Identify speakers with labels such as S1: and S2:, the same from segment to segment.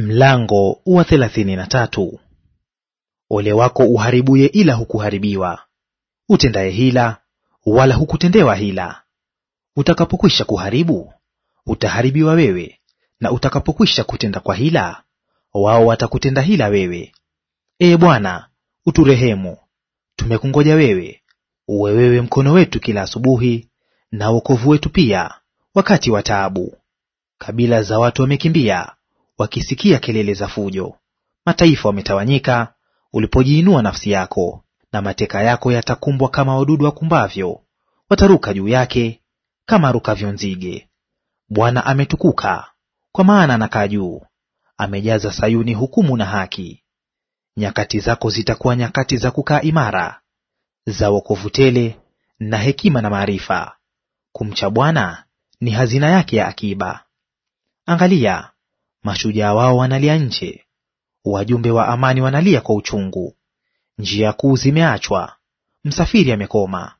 S1: Mlango wa thelathini na tatu. Ole wako uharibuye ila hukuharibiwa, utendaye hila wala hukutendewa hila. Utakapokwisha kuharibu utaharibiwa wewe, na utakapokwisha kutenda kwa hila, wao watakutenda hila wewe. Ee Bwana, uturehemu, tumekungoja wewe; uwe wewe mkono wetu kila asubuhi, na wokovu wetu pia wakati wa taabu. Kabila za watu wamekimbia wakisikia kelele za fujo. Mataifa wametawanyika ulipojiinua nafsi yako, na mateka yako yatakumbwa kama wadudu wakumbavyo, wataruka juu yake kama rukavyo nzige. Bwana ametukuka, kwa maana anakaa juu, amejaza Sayuni hukumu na haki. Nyakati zako zitakuwa nyakati za kukaa imara, za wokovu tele na hekima na maarifa. Kumcha Bwana ni hazina yake ya akiba. Angalia, mashujaa wao wanalia nje, wajumbe wa amani wanalia kwa uchungu. Njia kuu zimeachwa, msafiri amekoma,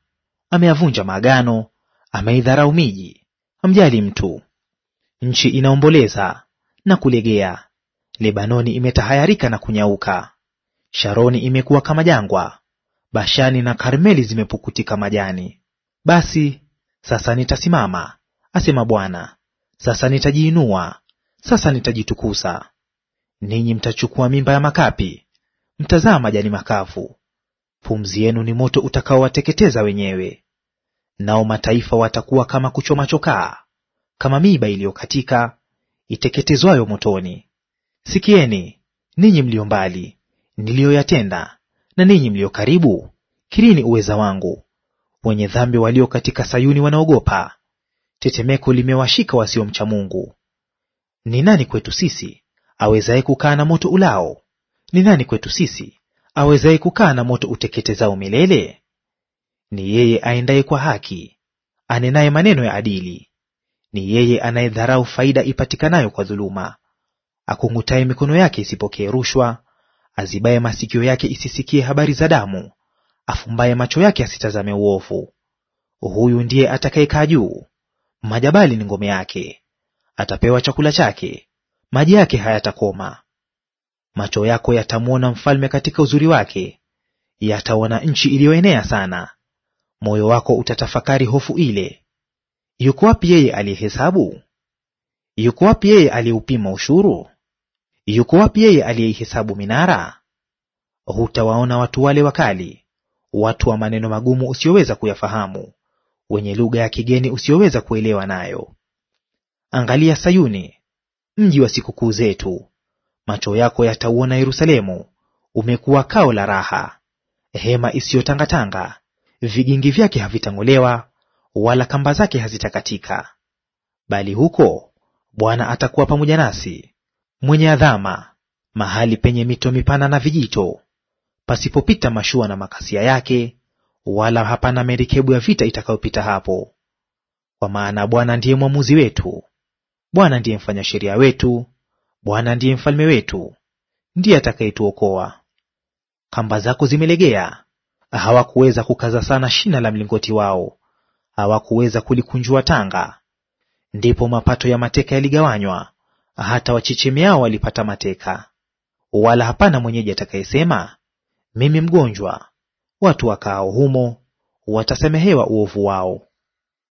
S1: ameyavunja maagano, ameidharau miji, hamjali mtu. Nchi inaomboleza na kulegea, Lebanoni imetahayarika na kunyauka, Sharoni imekuwa kama jangwa, Bashani na Karmeli zimepukutika majani. Basi sasa nitasimama, asema Bwana, sasa nitajiinua sasa nitajitukusa. Ninyi mtachukua mimba ya makapi, mtazaa majani makavu. Pumzi yenu ni moto utakaowateketeza wenyewe. Nao mataifa watakuwa kama kuchoma chokaa, kama miiba iliyokatika iteketezwayo motoni. Sikieni ninyi mlio mbali niliyoyatenda, na ninyi mlio karibu kirini uweza wangu. Wenye dhambi walio katika Sayuni wanaogopa; tetemeko limewashika wasiomcha Mungu. Ni nani kwetu sisi awezaye kukaa na moto ulao? Ni nani kwetu sisi awezaye kukaa na moto uteketezao milele? Ni yeye aendaye kwa haki, anenaye maneno ya adili. Ni yeye anayedharau faida ipatikanayo kwa dhuluma, akung'utaye mikono yake isipokee rushwa, azibaye masikio yake isisikie habari za damu, afumbaye macho yake asitazame uovu. Huyu ndiye atakayekaa juu, majabali ni ngome yake, atapewa chakula chake, maji yake hayatakoma. Macho yako yatamwona mfalme katika uzuri wake, yataona nchi iliyoenea sana. Moyo wako utatafakari hofu ile. Yuko wapi yeye aliyehesabu? Yuko wapi yeye aliyeupima ushuru? Yuko wapi yeye aliyeihesabu minara? Hutawaona watu wale wakali, watu wa maneno magumu usiyoweza kuyafahamu, wenye lugha ya kigeni usiyoweza kuelewa nayo. Angalia Sayuni, mji wa sikukuu zetu. Macho yako yatauona Yerusalemu, umekuwa kao la raha, hema isiyotangatanga; vigingi vyake havitang'olewa, wala kamba zake hazitakatika. Bali huko Bwana atakuwa pamoja nasi, mwenye adhama, mahali penye mito mipana na vijito, pasipopita mashua na makasia yake, wala hapana merikebu ya vita itakayopita hapo. Kwa maana Bwana ndiye mwamuzi wetu, Bwana ndiye mfanya sheria wetu, Bwana ndiye mfalme wetu, ndiye atakayetuokoa. Kamba zako zimelegea, hawakuweza kukaza sana shina la mlingoti wao, hawakuweza kulikunjua tanga. Ndipo mapato ya mateka yaligawanywa, hata wachechemeao walipata mateka. Wala hapana mwenyeji atakayesema mimi mgonjwa; watu wakaao humo watasamehewa uovu wao.